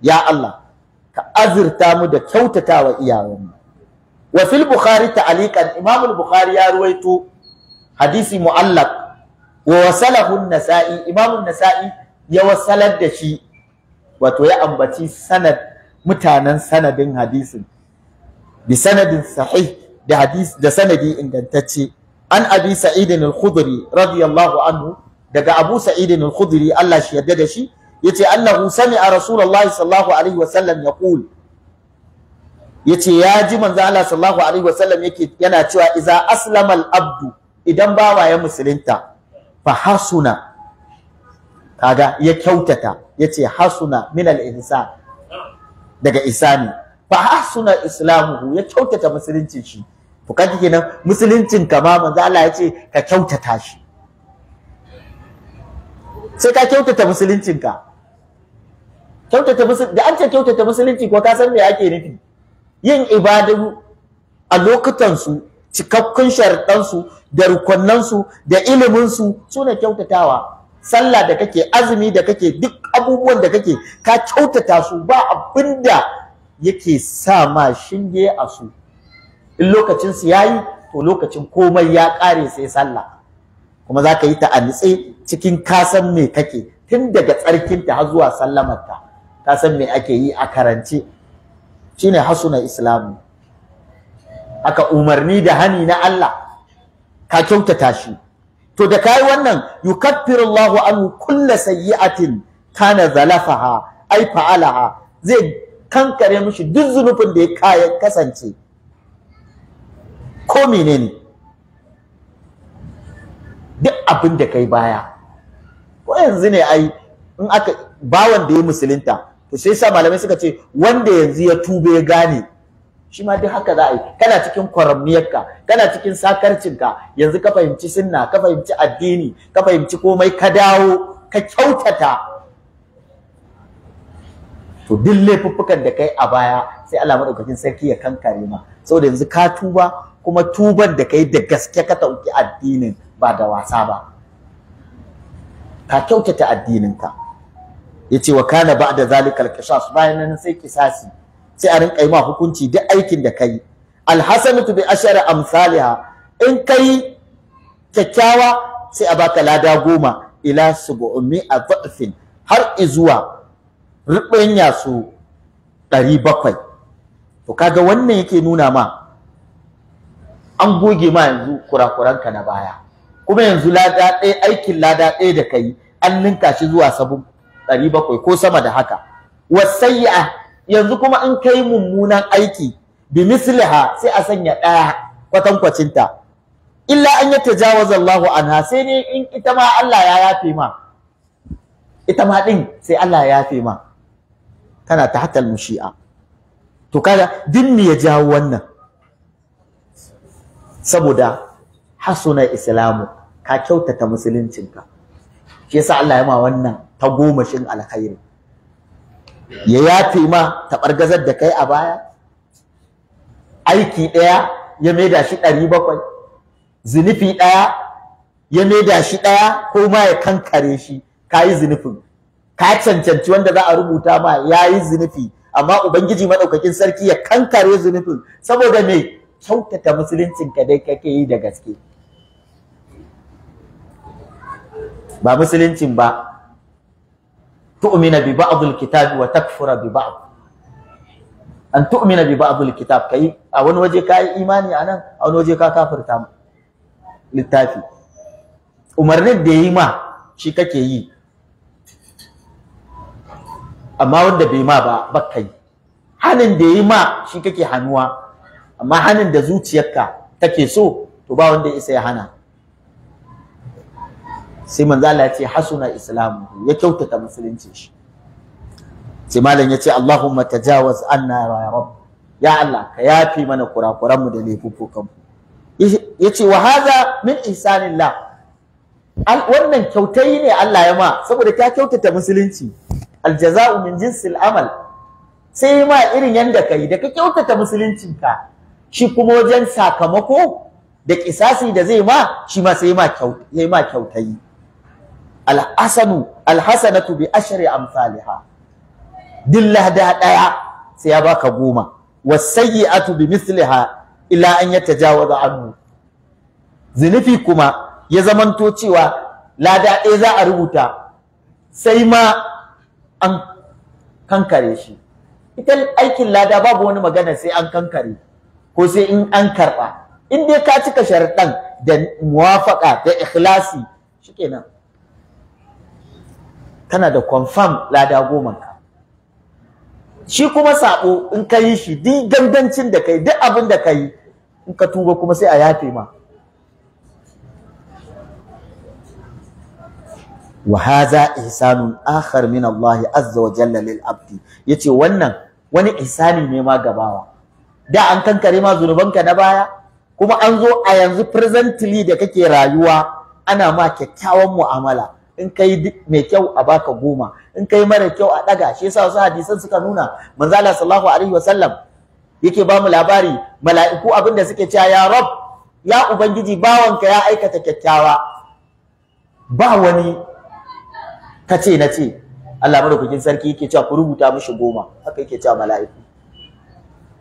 ya Allah ka azirta mu da kyautatawa iyayenmu wa fil bukhari ta'aliqan imam al-bukhari ya ruwaito hadisi mu'allaq wa wasalahu nasa'i imamun nasa'i ya wasalar da shi wato ya ambaci sanad mutanen sanadin hadisin bi sanadin sahih da hadis da sanadi ingantacce an abi sa'id al-khudri radiyallahu anhu daga abu sa'id al-khudri Allah shi yarda da shi yace annahu sami'a rasulullahi sallallahu alaihi wasallam yaqul yace ya ji manzo Allah sallallahu alaihi wasallam yake yana cewa iza aslama al-abdu idan bawa ya musulunta fa hasuna kaga ya kyautata yace hasuna min al ihsan daga isani fa hasuna islamuhu ya kyautata musuluncin shi to kaji kenan musuluncin ka ma manzo Allah yace ka kyautata shi sai ka kyautata musuluncin ka kyautata musulunci da an ce kyautata musulunci ko ka san me ake nufi yin ibadu a lokutan su cikakkun sharɗansu da rukunansu da iliminsu su ne kyautatawa sallah da kake azumi da kake duk abubuwan da kake ka kyautata su ba abinda yake sa ma shinge a su in lokacin su yayi to lokacin komai ya kare sai sallah kuma za ka yi ta a nitse cikin kasan me kake tun daga tsarkinta har zuwa sallamarta kasan me ake yi a karance shine hasuna islamu aka umarni da hani na Allah ka kyautata shi to da kai wannan yukaffirullahu an anhu kullu sayyi'atin kana zalafaha ai fa'alaha zai kankare mishi duk zunubin da ya kaya kasance ko menene duk abin da kai baya ko yanzu ne ai in aka bawan da ya musulunta to sai sa malamai suka ce wanda yanzu ya tube ya gane shi ma duk haka za a yi kana cikin kwaramniyarka kana cikin sakarcinka yanzu ka fahimci sunna ka fahimci addini ka fahimci komai ka dawo ka kyautata to duk laifuffukan da kai a baya sai Allah madaukakin sarki ya kankare ma saboda yanzu ka tuba kuma tuban da kai da gaske ka tauki addinin ba da wasa ba ka kyautata addininka yace wa kana da zalikal qisas bayan nan sai kisasi sai a rinka yi ma hukunci duk aikin da kai tu bi ashara amsalha in kai kyakkyawa sai a baka lada goma ila sub'umi adfin har izuwa rubanya su 700 to kaga wannan yake nuna ma an goge ma yanzu kurakuranka na baya kuma yanzu lada ɗaya aikin lada ɗaya da kai an ninka shi zuwa sabu ɗari bakwai ko sama da haka wasayya yanzu kuma in kai mummunan aiki bi misliha sai a sanya ɗaya kwatankwacinta illa an yatajawaza Allahu anha sai ne in ita ma Allah ya yafe ma ita ma din sai Allah ya yafe ma kana tahtal mushi'a to kaga din ya jawo wannan saboda hasuna islamu ka kyautata musuluncinka shi yasa Allah ya ma wannan ta gomashin alkhairi ya yafe ma taɓargazar da kai a baya aiki ɗaya ya maida shi ɗari bakwai zunufi ɗaya ya maida shi ɗaya ko ma ya kankare shi ka yi zunufin ka cancanci wanda za a rubuta ma ya yi zunufi amma ubangiji maɗaukakin sarki ya kankare zunufin saboda me kyautata musuluncin ka dai kake yi da gaske ba musuluncin ba tu'mina bi ba'd kitab wa takfura a wani waje kai imani anan a wani waje ka kafirta littafi umarnin da yi ma shi kake yi amma wanda bai ma ba bakka hanin da yi ma shi kake hannuwa amma hanin da zuciyarka take so to ba wanda isa ya hana sai Manzala ya ce hasuna islamu ya kyautata musulunci shi sai malam ya ce Allahumma tajawaz anna ya rab ya Allah ka yafi mana kurakuran mu da laifukan mu yace wa hadha min ihsanillah wannan kyautai ne Allah ya ma saboda ta kyautata musulunci aljaza'u min jinsil amal sai ma irin yanda kai da ka kyautata ka. shi kuma wajen sakamako da kisasi da zai ma shi ma sai ma kyautai alhasanu alhasanatu bi ashari amsalha din da ɗaya sai ya baka goma wasayyi'atu bi misliha ila an yatajawaza anhu zunufi kuma ya zamanto cewa lada ɗaya za a rubuta sai ma an kankare shi ita aikin lada babu wani magana sai an kankare ko sai in an karɓa in dai ka cika sharaɗan da muwafaƙa da ikhlasi shikenan tana da confirm lada goma ka shi kuma sabo in ka yi shi duk dangancin da kai duk abin da ka yi in ka tuba kuma sai a yafe ma wa hadha ihsanun akhar min Allah azza wa jalla lil abdi yace wannan wani ihsani ne ma gabawa da an kankare ma zunubanka na baya kuma an zo a yanzu presently da kake rayuwa ana ma kyakkyawan mu'amala in kai mai kyau a baka goma in kai mara kyau a ɗaga, shi yasa wasu hadisan suka nuna manzo Allah sallallahu alaihi sallam yake ba mu labari mala'iku abin da suke cewa ya rab ya ubangiji bawanka ya aikata kyakkyawa ba wani kace na ce Allah madaukakin sarki yake cewa ku rubuta mishi goma haka yake cewa mala'iku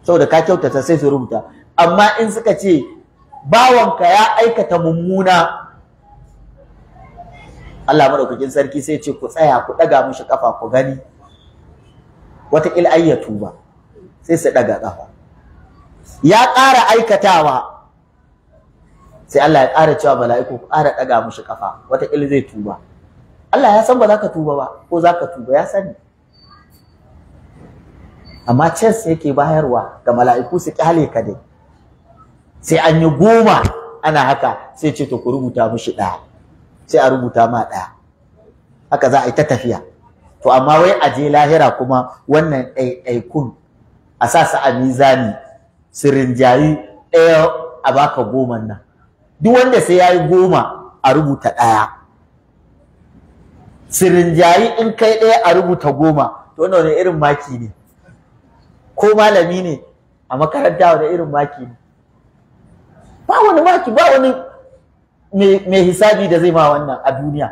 saboda ka kyautata sai su rubuta amma in suka ce bawanka ya aikata mummuna Allah madaukakin sarki sai ce ku tsaya ku daga mishi kafa ku gani wata kil ayyatu ba sai su daga kafa ya ƙara aikatawa sai Allah ya ƙara cewa mala'iku ku ƙara daga mishi kafa wata il zai tuba Allah ya san ba za ka tuba ba ko za ka tuba ya sani amma sai yake bayarwa ga mala'iku su kyale ka dai sai an yi goma ana haka sai ce to ku rubuta mishi ɗaya sai a rubuta ma ɗaya haka za a yi ta tafiya to amma wai a je lahira kuma wannan ɗaiɗaikun a sa su a mizani su rinjayi ɗaya a baka goman nan duk wanda sai ya yi goma a rubuta ɗaya su rinjayi in kai ɗaya a rubuta goma to wannan wani irin maki ne ko malami ne a makaranta wani irin maki ne ba wani maki ba wani mai hisabi da zai ma wannan a duniya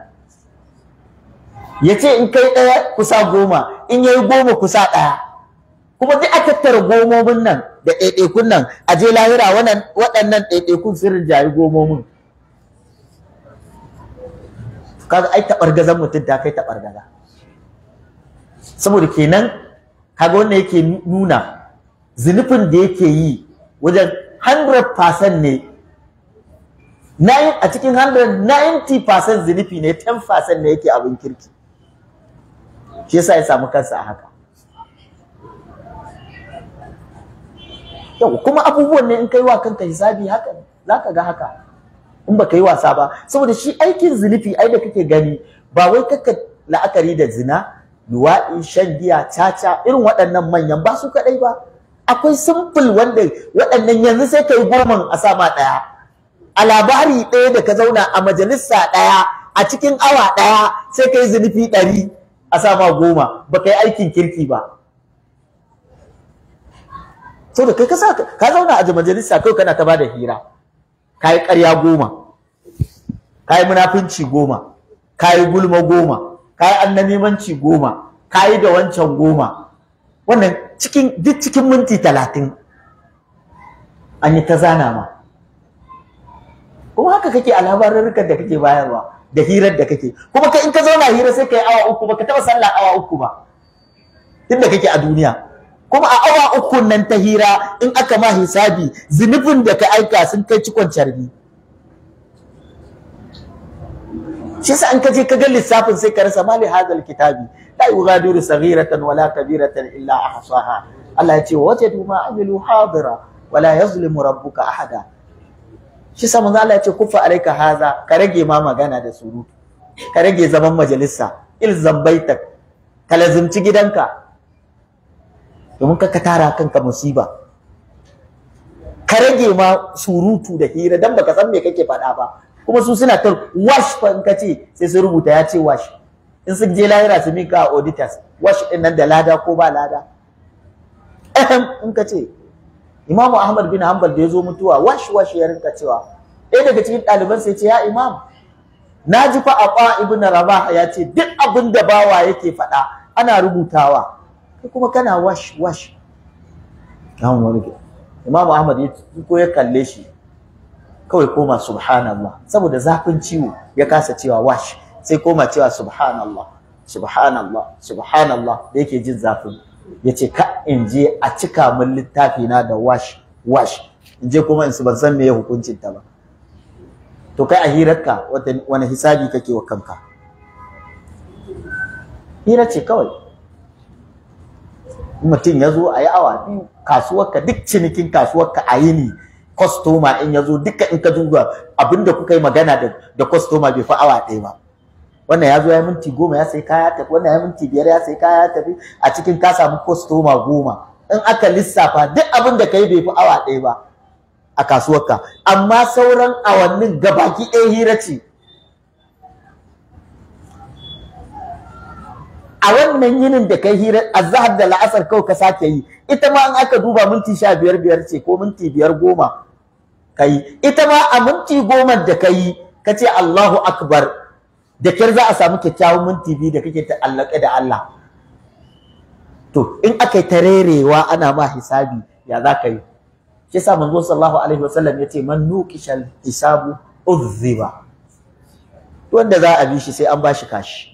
ya ce in kai ɗaya kusa goma in yayi goma kusa ɗaya kuma duk a tattara gomomin nan da ɗaiɗaikun nan a je lahira waɗannan ɗaiɗaikun sirrin jayi gomomin kaga ai taɓargazan mutum ta kai gaza. saboda kenan kaga wannan yake nuna zunufin da yake yi wajen 100% ne a cikin 100 90% zunufi ne 10% ne yake abin kirki shi yasa ya samu kansa a haka yau kuma abubuwan ne in kai wa kanka hisabi haka zaka ga haka in baka yi wasa ba saboda shi aikin zunufi ai da kake gani ba wai kaka la'akari da zina luwaɗi shan giya caca irin waɗannan manyan ba su kaɗai ba akwai simple wanda waɗannan yanzu sai kai goman a sama ɗaya a labari ɗaya da ka zauna a majalisa ɗaya a cikin awa ɗaya sai ka yi zunufi ɗari a sama goma ba ka yi aikin kirki ba so da kai ka zauna a majalisa kai kana ta ba da hira ka yi ƙarya goma ka yi munafunci goma ka yi gulma goma ka yi annamimanci goma ka yi da wancan goma wannan duk cikin minti talatin an yi ta zana ma kuma haka kake a labarurrukan da kake bayarwa da hirar da kake kuma kai in ka zauna hira sai kai awa uku baka taba sallah awa uku ba inda kake a duniya kuma a awa uku nan ta hira in aka ma hisabi zunubin da ka aika sun kai cikon carbi shi yasa an kaje ka ga lissafin sai ka rasa mali hadal kitabi la yughadiru saghiratan wala kabiratan illa ahsaha Allah ya ce wa wajadu ma amilu hadira wala yazlimu rabbuka ahada shi sa manzo Allah ya ce kufa alaika haza ka rage ma magana da surutu ka rage zaman majalisa ilzam baitak ka lazimci gidanka domin ka tara kanka musiba ka rage ma surutu da hira dan baka san me kake faɗa ba kuma su suna ta wash fa in ka ce sai su rubuta ya ce wash in sun je lahira su mika auditors wash din nan da lada ko ba lada ehem in ka ce Imam Ahmad bin Hanbal da ya zo mutuwa wash wash ya rinka cewa ɗaya daga cikin ɗaliban sai ce ya Imam na ji fa Abba ibn Rabah ya ce duk abin da bawa yake faɗa ana rubutawa kai kuma kana wash wash kan wani Imam Ahmad ya ko ya kalle shi kawai koma subhanallah saboda zafin ciwo ya kasa cewa wash sai koma cewa subhanallah subhanallah subhanallah da yake jin zafin yace ka in je a cika min littafi na da wash wash in je kuma in su ban san me ya hukuncin ta ba to kai a hirarka wani hisabi kake wa kanka hira ce kawai mutum ya zo a yi awa kasuwar kasuwarka duk cinikin kasuwarka a yi ni kwastoma in ya zo duka in ka duba abinda kuka yi magana da kwastoma bai fi awa ɗaya ba wannan ya zo ya minti goma ya sai kaya tafi wannan ya minti biyar ya sai kaya tafi a cikin ka samu kostoma goma in aka lissafa duk abin da ka yi bai fi awa ɗaya ba a kasuwarka amma sauran awannin gabaki ɗaya hira ce a wannan yinin da kai hira a zahar da la'asar kawai ka sake yi ita ma in aka duba minti sha biyar biyar ce ko minti biyar goma ka yi ita ma a minti goma da ka yi ka ce Allahu akbar da kyar za a samu kyakkyawan minti biyu da kake ta'allaka da Allah to in aka yi tarerewa ana ma hisabi ya za ka yi shi yasa manzo sallallahu alaihi wasallam yace man nuqishal hisabu uzziba wanda za a bi shi sai an ba shi kashi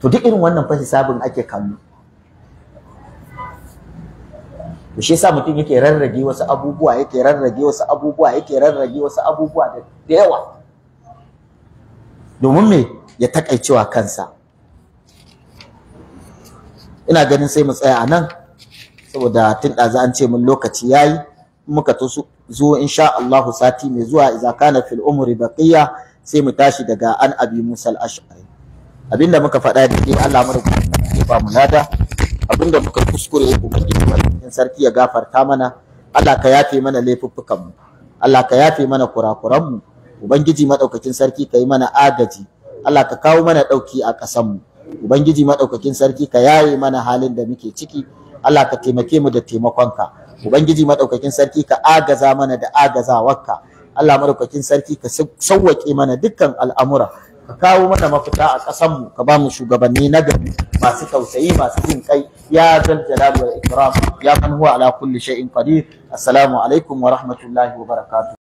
to duk irin wannan fa hisabin ake kallo to shi yasa mutum yake rarrage wasu abubuwa yake rarrage wasu abubuwa yake rarrage wasu abubuwa da yawa domin me ya takaicewa kansa ina ganin sai mu tsaya anan saboda tun ɗazu an ce mun lokaci yayi muka zo insha Allah sati mai zuwa idza kana fil umri baqiya sai mu tashi daga an abi musal ash'ari abinda muka faɗa da ke Allah mu ba mu nada abinda muka kuskure ku kuma sarki ya gafarta mana Allah ka yafe mana laifuffukan mu Allah ka yafe mana kurakuran mu ubangiji madaukakin sarki kai mana agaji Allah ka kawo mana dauki a mu ubangiji madaukakin sarki ka yaye mana halin da muke ciki Allah ka taimake mu da taimakonka ubangiji madaukakin sarki ka agaza mana da agazawarka Allah madaukakin sarki ka sauwake mana dukkan al'amura ka kawo mana mafita a mu ka ba mu shugabanni na gari masu tausayi masu jin kai ya zal wa wal ikram ya man huwa ala kulli shay'in qadir assalamu alaikum wa rahmatullahi wa barakatuh